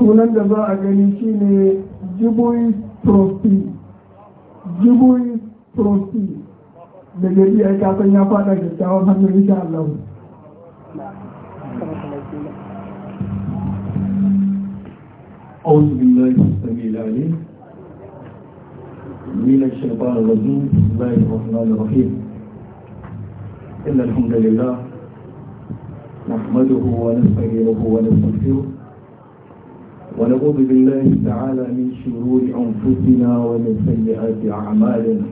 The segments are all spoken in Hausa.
sunan da za a gani shine jiboy trofi jiboy trofi da gari ya kasan ya fada kyakkyawan hannun insha Allah أعوذ بالله السميع العليم من الشيطان الرجيم بسم الله الرحمن الرحيم إن الحمد لله نحمده ونستغفره ونستغفره ونعوذ بالله تعالى من شرور أنفسنا ومن سيئات أعمالنا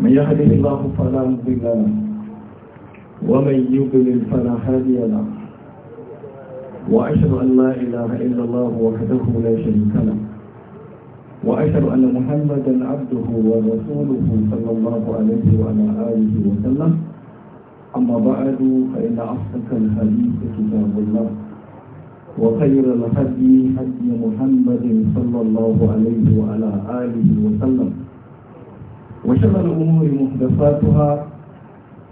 من يهده الله فلا مضل له ومن يضلل فلا هادي له وأشهد أن لا إله إلا الله وحده لا شريك له وأشهد أن محمدا عبده ورسوله صلى الله عليه وعلى آله وسلم أما بعد فإن أصدق الحديث كتاب الله وخير الهدي هدي محمد صلى الله عليه وعلى آله وسلم وشر الأمور محدثاتها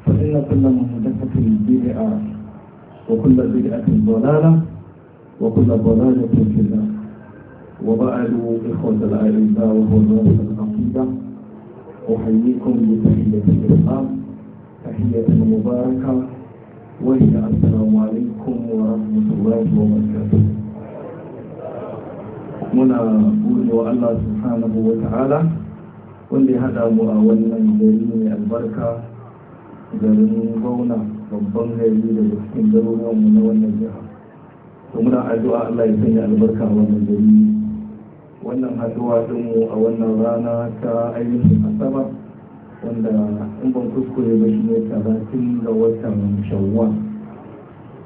فإن كل محدثة بدعة وكل بدعة ضلالة وكل ضلالة في النار وبعد إخوة الأعزاء وحضرات العقيدة أحييكم بتحية الإسلام تحية مباركة وهي السلام عليكم ورحمة الله وبركاته muna gode wa Allah subhanahu wa ta'ala wanda ya haɗa mu a wannan gari mai albarka garin gauna babban gari da cikin garuruwanmu na wannan jiha to muna addu'a Allah ya sanya albarka a wannan gari wannan haɗuwa ɗinmu a wannan rana ta ainihin asabar wanda in ban kuskure ba shi ne talatin ga watan shawwa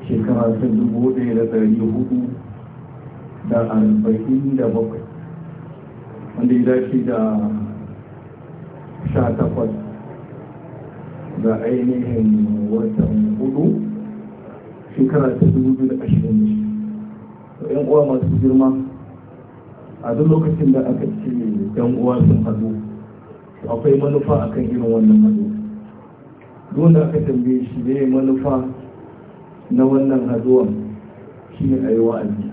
shekara ta dubu ɗaya da ɗari hudu da arba'in da bakwai wanda ya dace da sha takwas ga ainihin watan hudu shekara ta dubu biyu da ashirin da yan uwa masu girma a duk lokacin da aka ce yan uwa sun haɗu akwai manufa akan irin wannan hado da aka tambaye shi ne manufa na wannan haduwan shi ne a yi wa'azi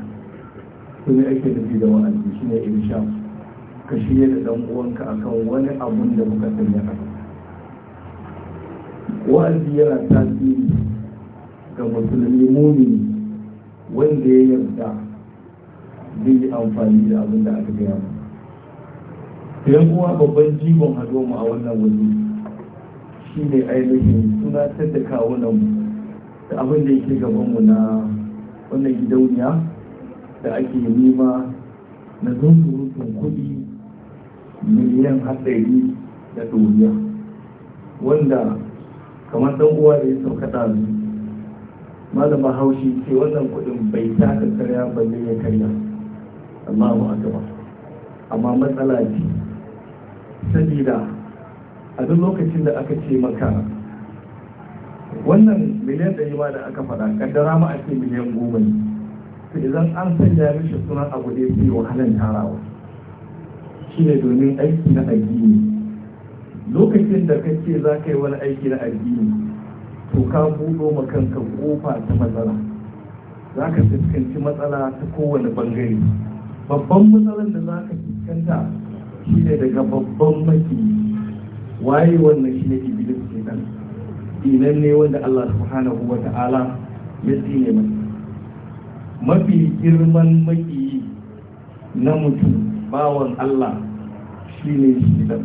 ne ake nufi da wa'azi shi ne sha. ka shirya da ɗan'uwanka uwanka akan wani abun da muka sanya a wa'azi yana tasiri ga musulmi mumini wanda ya yarda zai yi amfani da abin da aka gaya masa yan uwa babban jigon mu a wannan wani shi ne ainihin suna da kawunanmu da abin da yake gabanmu na wannan gidauniya da ake nema na zunzurutun kuɗi miliyan haɗari da duniya wanda kamar dan uwa da ya sauka ɗazu malama haushi ce wannan kuɗin bai taka karya balle ya karya Allahu akbar amma matsala ce sabida a duk lokacin da aka ce maka wannan miliyan ɗari ma da aka faɗa kaddara ma ake miliyan goma ne to idan an sanya mishi sunan abu da yake wahalan tarawa shi ne domin aiki na addini lokacin da ka ce za ka yi wani aiki na addini to ka buɗo ma kanka kofa ta matsala za ka fuskanci matsala ta kowane bangare babban matsalar da za ka fuskanta shi ne daga babban maki waye wannan shi ne iblis ke nan inan ne wanda Allah subhanahu wa ta'ala ya tsine mai mafi girman maki na mutum bawan Allah shi ne shi nan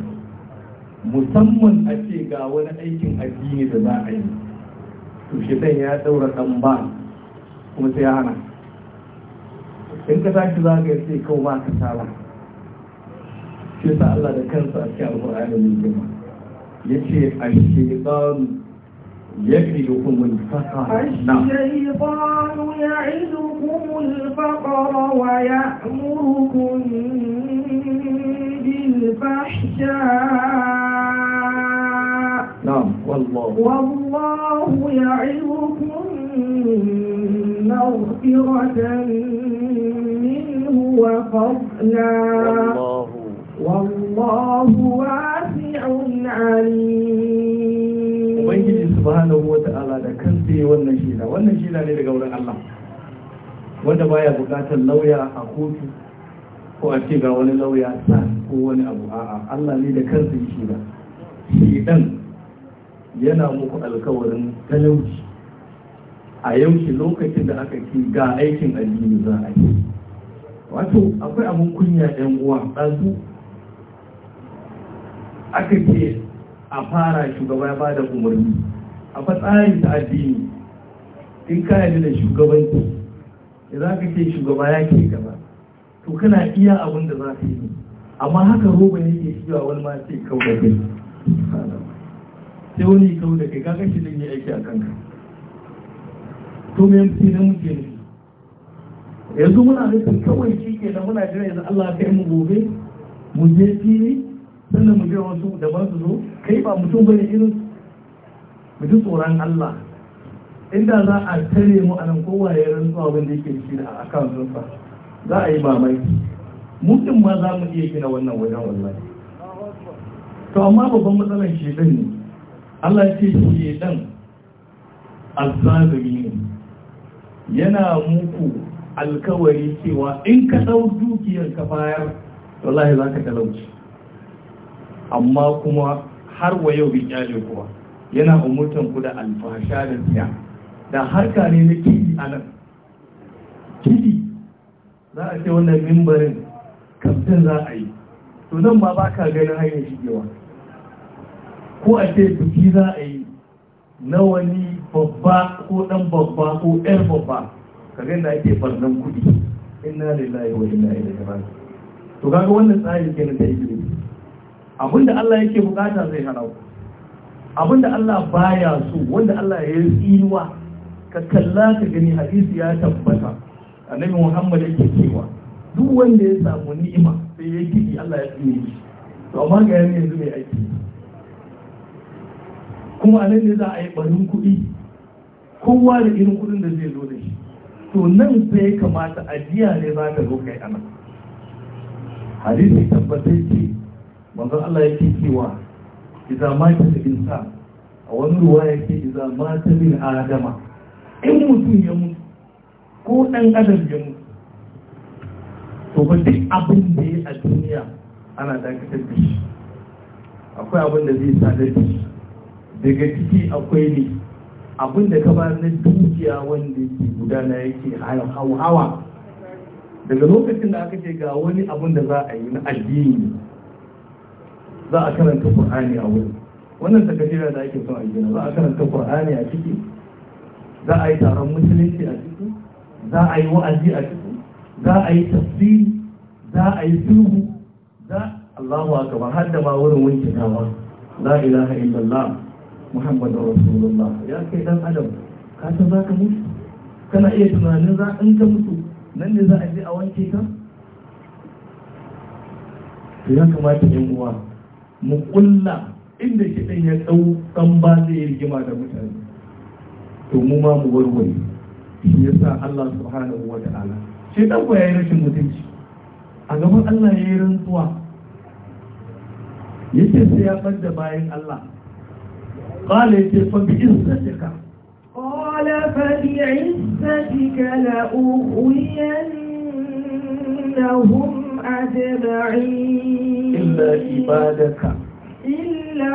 musamman a ce ga wani aikin addini da za a yi to zai ya daura dan ba kuma sai ya hana in ka tashi za ka sai kawo maka ka shi sa Allah da kansa a cikin alƙur'ani mai girma yace ash-shaytan يجدكم الفقر الشيطان يعدكم الفقر ويأمركم بالفحشاء نعم والله والله يعظكم مغفرة منه وفضلا والله والله واسع عليم ubangiji da kansa yi wannan shida wannan ne daga wurin Allah wanda baya bukatar lauya a kotu ko a ce ga wani lauya ko wani abu a'a Allah ne da kansa yi shida shidan yana muku alkawarin talauci a yaushe lokacin da aka ce ga aikin addini za a yi wato akwai abin kunya yan uwa ɗazu aka ce a fara shugaba ya bada umarni a fatsarin ta addini in ka yarda da shugabanci da za ka ce shugaba ya ke gaba to kana iya abin da za ka yi amma haka roba ne ke shiga wani ma sai kau da kai sai wani kau da kai kaga shi zai yi aiki a kanka to me yanzu ne muke ne yanzu muna nufin kawai shi ke da muna jira yanzu Allah ya kai mu gobe mu je fili sannan mu biya wasu da ba su zo kai ba mutum bane irin mu ji tsoron Allah inda za a tare mu a nan kowa ya rantsuwa wanda yake shi a akan zunsa za a yi mamaki mutum ma za mu iya gina wannan wajen wallahi to amma babban matsalar shi ne Allah ya ce shi dan azzabi ne yana muku alkawari cewa in ka dau dukiyar ka bayar wallahi za ka talauci amma kuma har wa yau bai yaje kuma yana umurtan ku da alfasha da siya da harka ne na kidi a nan kidi za a ce wannan mimbarin kamfin za a yi to nan ma ba ka ganin hanyar shigewa ko a ce biki za a yi na wani babba ko dan babba ko yar babba ka gani da ake barnan kuɗi inna lillahi wa inna ilaihi raji'un to kaga wannan tsari kenan da yake abinda Allah yake bukata zai halau ku abinda Allah baya so wanda Allah ya yi tsiniwa ka kalla ka gani hadisi ya tabbata annabi Muhammad yake cewa duk wanda ya samu ni'ima sai ya kiki Allah ya tsine shi to amma ga yanzu mai aiki kuma a nan ne za a yi barin kuɗi kowa da irin kuɗin da zai zo da shi to nan sai kamata ajiya ne za ka zo kai anan hadisi tabbatai ce manzon Allah yake cewa idza mata insan a wani ruwa yake idza mata bin adama in mutum ya mutu ko dan adam ya mutu to ba duk abin da ya a duniya ana dakatar da shi akwai abin da zai sadar da shi daga ciki akwai ne abin da ka ba na dukiya wanda yake gudana yake hawa daga lokacin da aka ce ga wani abin da za a yi na addini za a karanta qur'ani a wurin wannan takardira da ake son a gina za a karanta kur'ani a ciki za a yi taron musulunci a ciki za a yi wa'azi a ciki za a yi tafsiri za a yi sulhu za Allahu akbar har da ma wurin wanke dawa la ilaha illallah muhammadur rasulullah ya kai dan adam ka san ka mutu kana iya tunanin za in ka mutu nan ne za a je a wanke ka to ya kamata yan uwa mu kulla inda kiɗan ya ɗau ɗan ba zai yi rigima da mutane to mu ma mu warware shi ya sa Allah subhanahu wa ta'ala shi ɗan ya yi rashin mutunci a gaban Allah ya yi rantsuwa ya ce sai ya da bayan Allah ƙala ya ce fa bi izzatika ƙala fa bi izzatika la ughwiyannahum ajma'in إلا عبادك إلا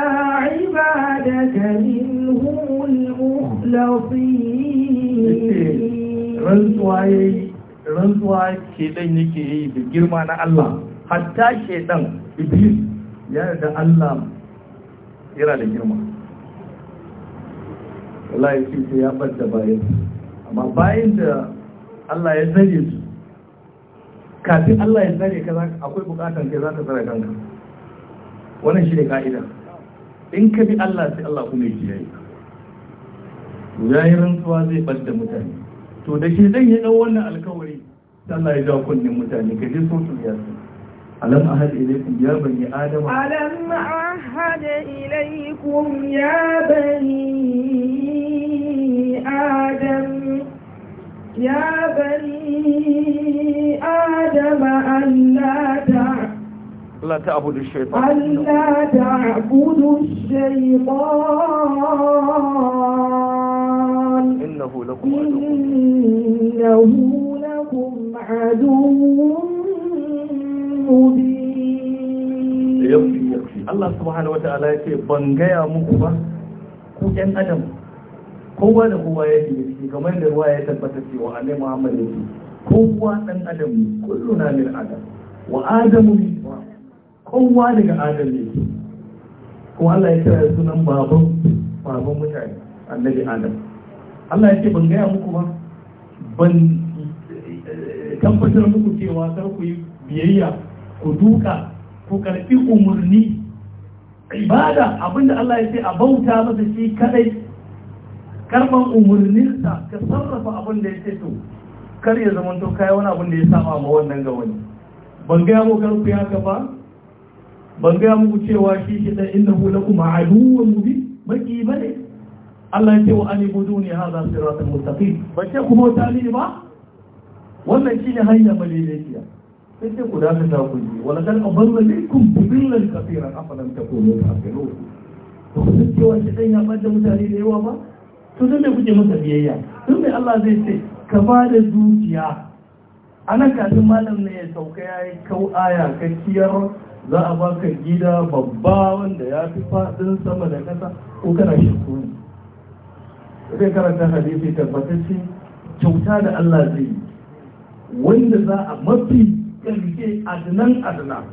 عبادك منهم المخلصين رنسواي rantsuwa shedan yake yi da girma na Allah hatta ke shedan iblis ya da Allah yana da girma wallahi sai ya bada bayan amma bayan da Allah ya zare su kafin Allah ya tsare ka akwai bukatar kai za ka tsare kanka wannan shi ne ka'ida in ka bi Allah sai Allah kuma ya kiyaye yayi rantsuwa zai da mutane to da shi zan yi ɗau wannan alkawari Allah ya jawo kunnen mutane ka ji sotu ya su alam ahad ilaikum ya bani adam alam ahad ilaikum ya bani adam يا بني آدم ألا ألا تعبدوا الشيطان ألا تعبدوا الشيطان إنه لكم عدو إنه لكم عدو مبين يكفي يكفي الله سبحانه وتعالى يقول بنجيا مكبا كو أن أدم kowa da kowa ya ke ciki kamar da ruwa ya tabbata cewa annai muhammad ya ce kowa dan adam ne na min adam wa adamu min kowa daga adam ne kuma Allah ya kira sunan baban baban mutane annabi adam Allah ya ce ban gaya muku ba ban eh, tabbatar muku cewa kar ku yi biyayya ku duka ku karɓi umarni ibada abinda Allah ya ce a bauta masa shi kadai karman umarninsa ka sarrafa abin da ya ce to kar ya zama to kai wani abin da ya saba ma wannan ga wani ban gaya mu garku ya ka ba ban gaya muku cewa shi shi dan kuma lakum aduwwun mubin baki bane Allah ya ce wa ani buduni hadha siratal mustaqim ba ce kuma ta ni ba wannan shine hanya malaikiya sai ce ku dace ta ku ji wala kan aballa minkum bidilan kaseeran afalan takunu ta'qilun to sai cewa shi dan ya bada mutane da yawa ba to don me kuke masa biyayya don mai Allah zai ce ka ba da dukiya ana kafin malam ne ya sauka ya yi kau aya kakkiyar za a ka gida babba wanda ya fi faɗin sama da ƙasa ko kana shakku ne zai karanta hadisi tabbatacce kyauta da Allah zai yi wanda za a mafi ƙarfe adnan adnan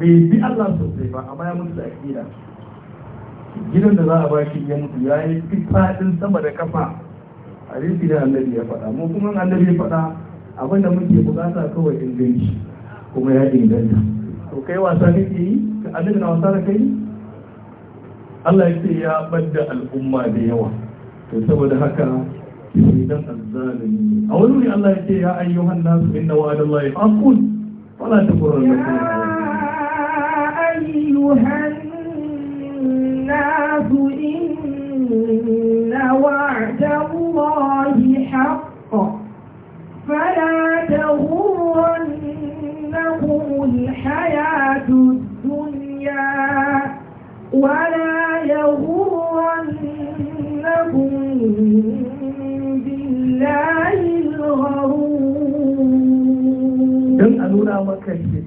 bai bi Allah sosai ba amma ya mutu da akida gidan da za a bashi ya mutu ya yi fi faɗin sama da kafa a rufi da annabi ya faɗa mu kuma annabi ya faɗa abinda da muke bukata kawai inganci kuma ya inganta to kai wasa kake yi ka annabi na wasa da kai Allah ya ce ya badda al'umma da yawa to saboda haka idan azzalimi a wani Allah ya ce ya ayyuhan nasu inna wa'adallahi aqul fala takurrannakum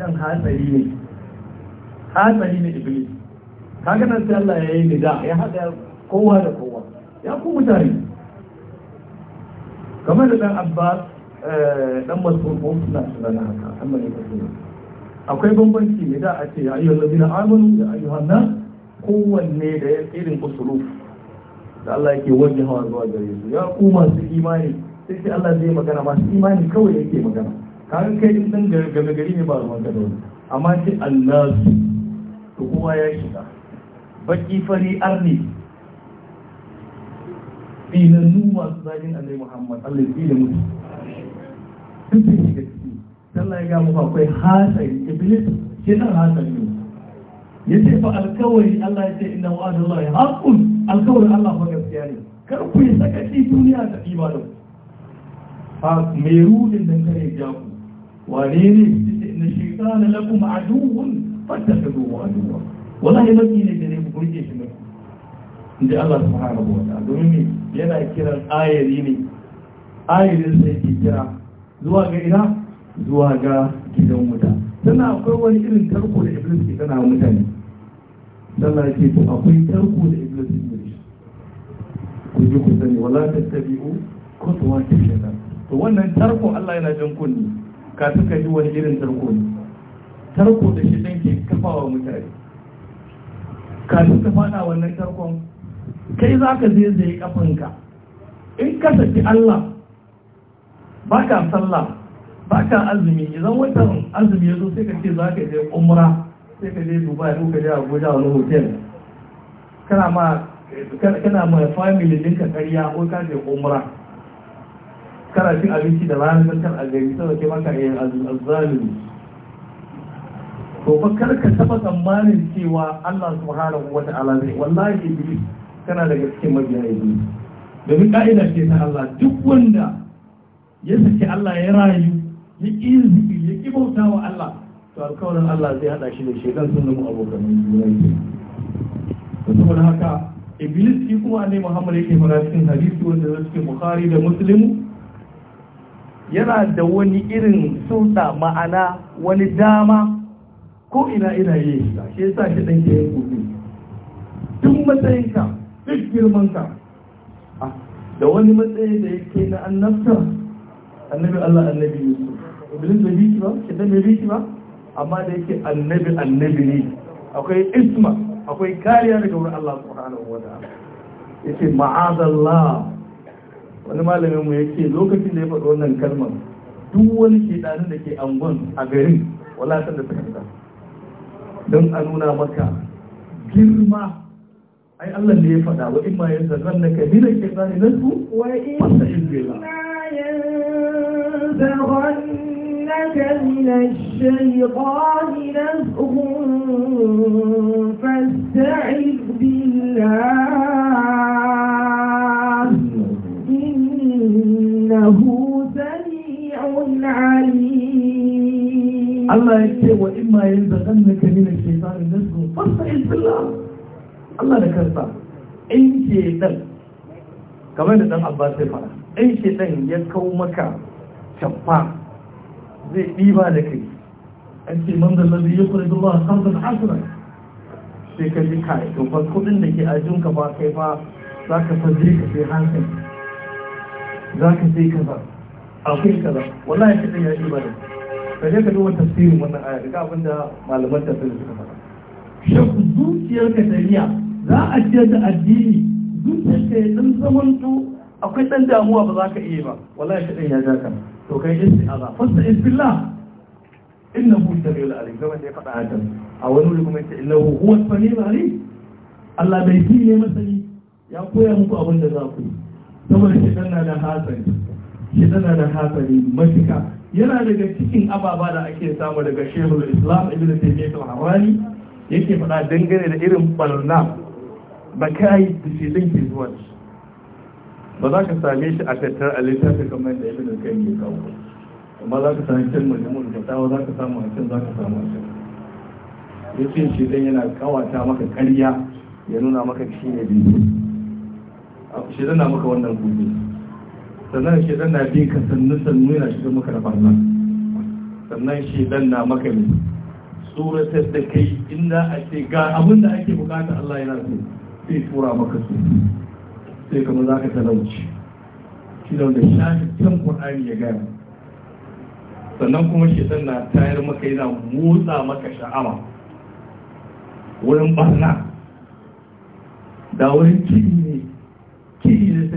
akan hatsari ne hatsari ne iblis kaga nan sai Allah ya yi nida ya haɗa kowa da kowa ya ku mutane kamar da dan abbas dan eh, masu kofin suna na haka amma ne suna akwai bambanci ne da a ce ya ayyuhal ladina amanu ya ayyuhan nas kowanne da irin kusuru da Allah yake wajen hawa zuwa gare su ya ku masu imani sai sai Allah zai magana masu imani kawai yake magana kan kai din gargame gari ne ba ruwa ka dole amma sai Allah su to kowa ya shiga baki fari arni filannu masu zagin annabi Muhammad Allah ya tsire musu duk da shiga ciki Allah ya ga mu akwai hasari iblis ke nan hasari ne yace fa alkawari Allah ya ce inna ya haqqun alkawari Allah fa gaskiya ne kar ku yi sakaci duniya ta ɗiba da ku Ha, me rudin nan kare jaku. ku wane ne na shekara na kuma aduwun fata ta zuwa aduwa wallahi maki ne da gare ku burge shi mai inda Allah subhanahu wa ta'ala domin ne yana kiran ayari ne ayarin sai ke kira zuwa ga ina zuwa ga gidan wuta tana akwai wani irin tarko da iblis ke tana mutane sannan ke to akwai tarko da iblis ke shi ku ji ku sani wala ta tattabi'u kutuwa ta shaitan to wannan tarko Allah yana jan kunni ka suka ji wani irin tarko ne tarko da shi ke kafawa mutane ka suka fada wannan tarkon kai za ka zai zai kafanka in ka saki Allah ba ka sallah ba ka azumi idan watan azumi ya zo sai ka ce za ka je umra sai ka je dubai ko ka je abuja wani hotel kana ma kana ma family ɗinka karya ko ka je umra kana cin abinci da ranar don aljami sau saboda kai maka yin alzalin to fa kar ka taba tsammanin cewa Allah subhanahu wa ta'ala zai wallahi iblis kana daga cikin mabiya iblis domin ka'ida ce ta Allah duk wanda ya saki Allah ya rayu ya ƙi zubi ya ƙi bauta wa Allah to alkawarin Allah zai hada shi da shaidan sun zama abokan juna saboda haka iblis shi kuma annabi Muhammad yake fara cikin hadisi wanda zai cikin Bukhari da Muslim yana da wani irin sulta ma'ana wani dama ko ina ina yi shi sa shi ɗan ke tun duk matsayinka duk girmanka da wani matsayi da ya ke na annabta annabi Allah annabi Yusuf iblis bai biki ba shi dan bai biki ba amma da yake annabi annabi ne akwai isma akwai kariya daga wurin Allah subhanahu wa ta'ala yace ma'azallah wani malamin mu yake lokacin da ya faɗi wannan kalmar duk wani shedanin da ke angon a garin walatar da suka don a nuna maka girma ai Allah ne ya faɗa wa imma ya na kabi na ke zane na su wasta Allah ya ce wa imma yin zagan na kami na ke zanen nasu fasta izbillah Allah da kansa in ke dan kamar da dan Abbas ya fara in ke dan ya kawo maka tabba zai ɗiba da kai an ce man da lalzi ya kuri zuwa sarfin hasunan sai ka ji kai to fa kudin da ke ajin ka ba kai ba za ka fa je ka sai hankali za ka sai kaza akwai kaza wallahi ka ɗan ya ɗiba da kai ka je ka duba tafsirin wannan aya daga abin da malaman tafsir suka faɗa shin zuciyar ka tariya za a ce da addini zuciyar ka ya dan zamanto akwai dan damuwa ba za ka iya ba wallahi kadan ya ja ka to kai isti'aza fasta isbillah innahu samiul alim zaman da ya faɗa hakan a wani wuri kuma yace innahu huwa samiul alim Allah bai fi ne masani ya koya muku abin da za ku yi saboda shi na da hasari shi na da hasari mafika yana daga cikin ababa da ake samu daga shehul islam ibn taymiyyah al-harani yake faɗa dangane da irin barna bakai da din ke zuwa ba za ka same shi a tattar a littafi kamar da ibn al ya kawo amma za ka same shi majmu'ul fatawa za ka samu a can za ka samu a can yace shi din yana kawata maka ƙarya ya nuna maka shi ne biyu shi dan na maka wannan gobe sannan shi dan na bi ka sannu sannu yana shiga maka da barna sannan shi dan na maka ne suratar da kai inda a ce ga abin da ake bukata Allah yana so sai tura maka su sai kuma za ka talauci shi da wanda shafi can Qur'ani ya gaya sannan kuma shi dan na tayar maka yana motsa maka sha'awa wurin barna da wurin cikin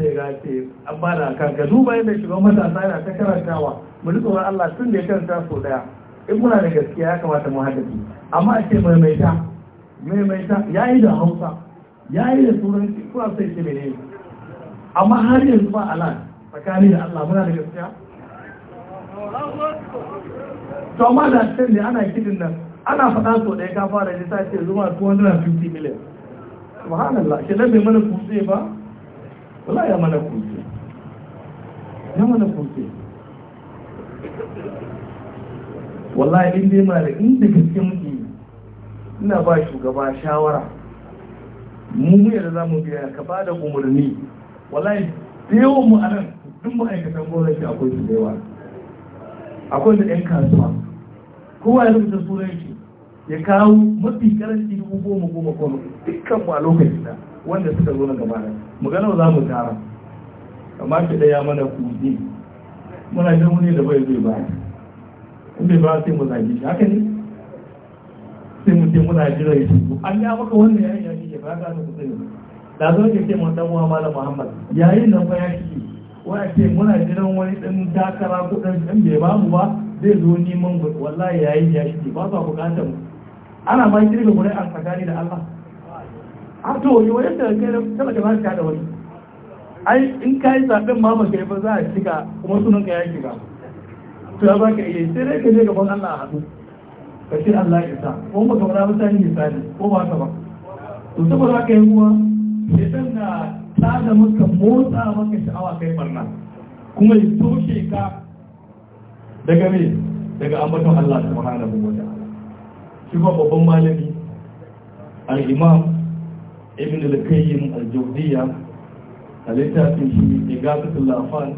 sai ga ce an ba da kan ka duba yadda shugaban matasa yana ta karantawa mu ji tsoron Allah tun da ya karanta so daya in muna da gaskiya ya kamata mu haddace amma a ce maimaita maimaita ya yi da hausa ya yi da turanci kuma sai ce mene amma har yanzu ba alan tsakani da Allah muna da gaskiya to amma da can ne ana kidin nan ana faɗa so ɗaya ka fara ji ta ce zuwa 250 miliyan subhanallah shi nan bai mana kutse ba wala ya mana kuke ya mana kuke wallahi in dai mana inda gaske muke ina ba shugaba shawara mu mu yadda za mu biya ka ba da umarni wallahi da yawan mu anan duk ma'aikatan gwamnati akwai su da yawa akwai da 'yan kasuwa kowa ya rubuta sunan shi ya kawo mafi karanci dubu goma goma goma dukkan mu a lokacin da wanda suka zo na gaba da mu gano za mu tara amma ki ya mana kuɗi muna jin wani da bai zai ba in bai ba sai mu zage shi haka ne sai mu ce muna jira shi an ya maka wannan yayin ya shige ba ka ga kusa ne da zo ke ce mun dan uwa Muhammad yayin nan fa ya shige wai ce muna jiran wani dan takara ko dan dan bai ba mu ba zai zo neman wallahi yayin ya shige ba sa bukatar mu ana ma kirga gurin an tsakani da Allah a to yi wani da kai taba da ba da wani ai in ka yi zaɓen ma ba kai ba za a shiga kuma sunan ka ya shiga to ya baka iya sai dai ka je gaban Allah a hannu. ka ce Allah ya sa ko ba kamar ba sai misali ko ba ka ba to saboda ka yi kuma shaitan na tada maka motsa maka sha'awa kai barna kuma ya toshe ka daga me daga ambaton Allah subhanahu wa ta'ala shi kuma babban malami al-imam ibn al-qayyim al-jawziyya a littafin shi igatul lafan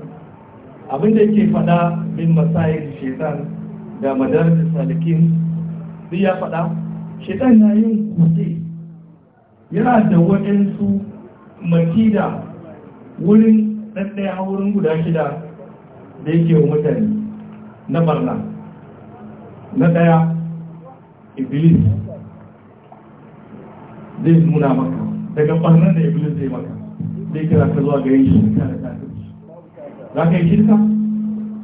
abin da yake fada min masayil shaitan da madarajin salikin duk ya fada shaitan na yin kuɗe yana da waɗansu makida wurin ɗaɗɗaya wurin guda shida da yake wa mutane na barna na ɗaya iblis zai nuna maka daga ɓarnar da iblis zai maka zai kira ka zuwa ga yin shirka da kafirci za ka yi shirka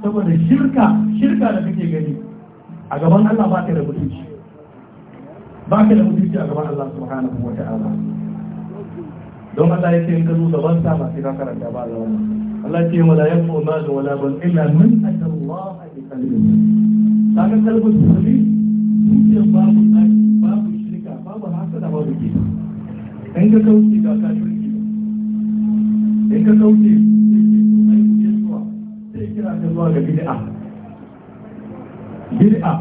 saboda shirka shirka da kake gani a gaban Allah ba ka da mutunci ba ka da mutunci a gaban Allah subhanahu wa ta'ala don Allah ya ce in ka zo gaban sa ba sai ka karanta ba Allah Allah ce wala fi ma da wala ban illa min atallaha bi qalbin saka kalbin ba zuciyar babu babu shirka babu hasada babu kisa in ka kauce ga ka turki in ka kauce sai kira ka zuwa ga bid'a bid'a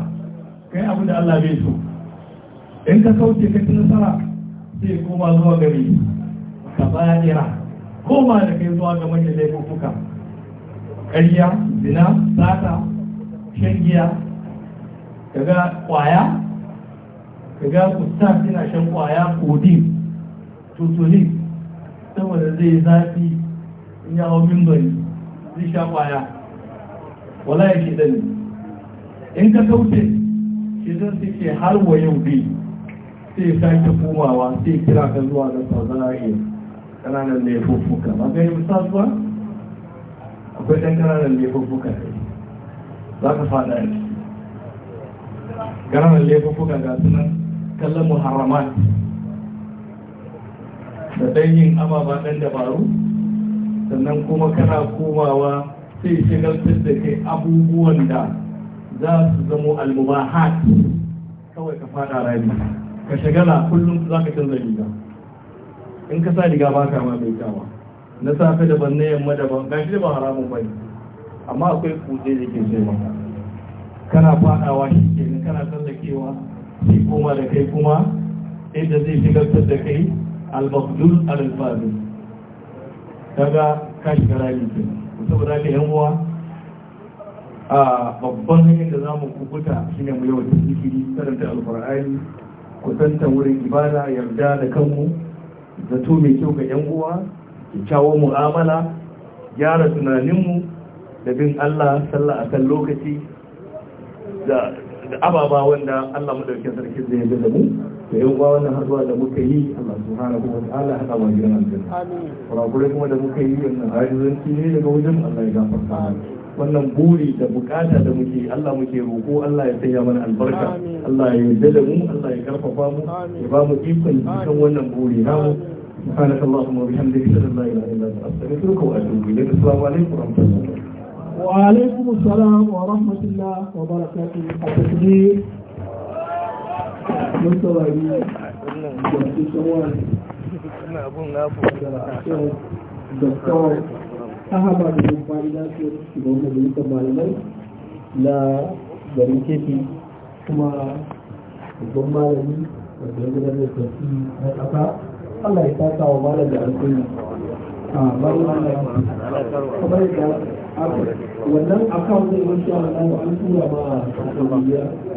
kai abu da Allah bai so in ka kauce ka ci nasara sai koma zuwa gari ka bayira koma da kai zuwa ga manyan laifuka ƙarya zina sata shan giya kaga kwaya kaga ustaz yana shan kwaya kodin tutuli saboda zai zafi in ya hau mimbari zai sha kwaya wala ya ke dani in ka kauce shi zan su ke har wa yau bi sai sake komawa sai kira ka zuwa ga iya kananan laifuffuka ba ga yi misal akwai ɗan kananan laifuffuka ne za ka fada a ciki kananan laifuffuka ga sunan kallon muharramat da ɗan yin amaba ɗan dabaru sannan kuma kana komawa sai shagaltar da kai abubuwan da za su zamo almubahat kawai ka fada rami ka shagala kullum za ka canza riga in ka sa riga ba ka ma mai kyawa na safe ban na yamma daban gashi da ba haramun ba ne amma akwai kutse da ke zai maka kana fadawa shi kenan kana tsallakewa sai koma da kai kuma inda zai shigar da kai al-maqdul al-fadil kaga kashi garari ke saboda da yan uwa a babban hanyar da za zamu kubuta shine mu yawan zikiri karanta ku kusanta wurin ibada yarda da kanmu zato mai kyau ga yan uwa kawo mu'amala gyara tunaninmu da bin Allah a kan lokaci da ababa wanda Allah mu madaukakin sarki zai yi da mu da yan uwa wannan harba da muka yi Allah subhanahu wa ta'ala hada wa jiran aljanna amin kurakure kuma da muka yi wannan ajizanci ne daga wajen Allah ya gafarta wannan buri da bukata da muke Allah muke roko Allah ya saya mana albarka Allah ya yarda da mu Allah ya karfafa mu ya ba mu ikon cikin wannan buri namu سبحانك اللهم وبحمدك اشهد ان لا اله الا انت استغفرك واتوب اليك السلام عليكم ورحمه الله وعليكم السلام ورحمه الله وبركاته التكبير mun saurari masu shawar da kawai ahaba da kumfani na su wani shugaban majalisar malamai na garin kefi kuma babban malami da ya gudanar da tafi na ƙasa allah ya taka wa malam da alkhairi a bayan kamar da wannan akawun zai wasu a wannan an tura ma a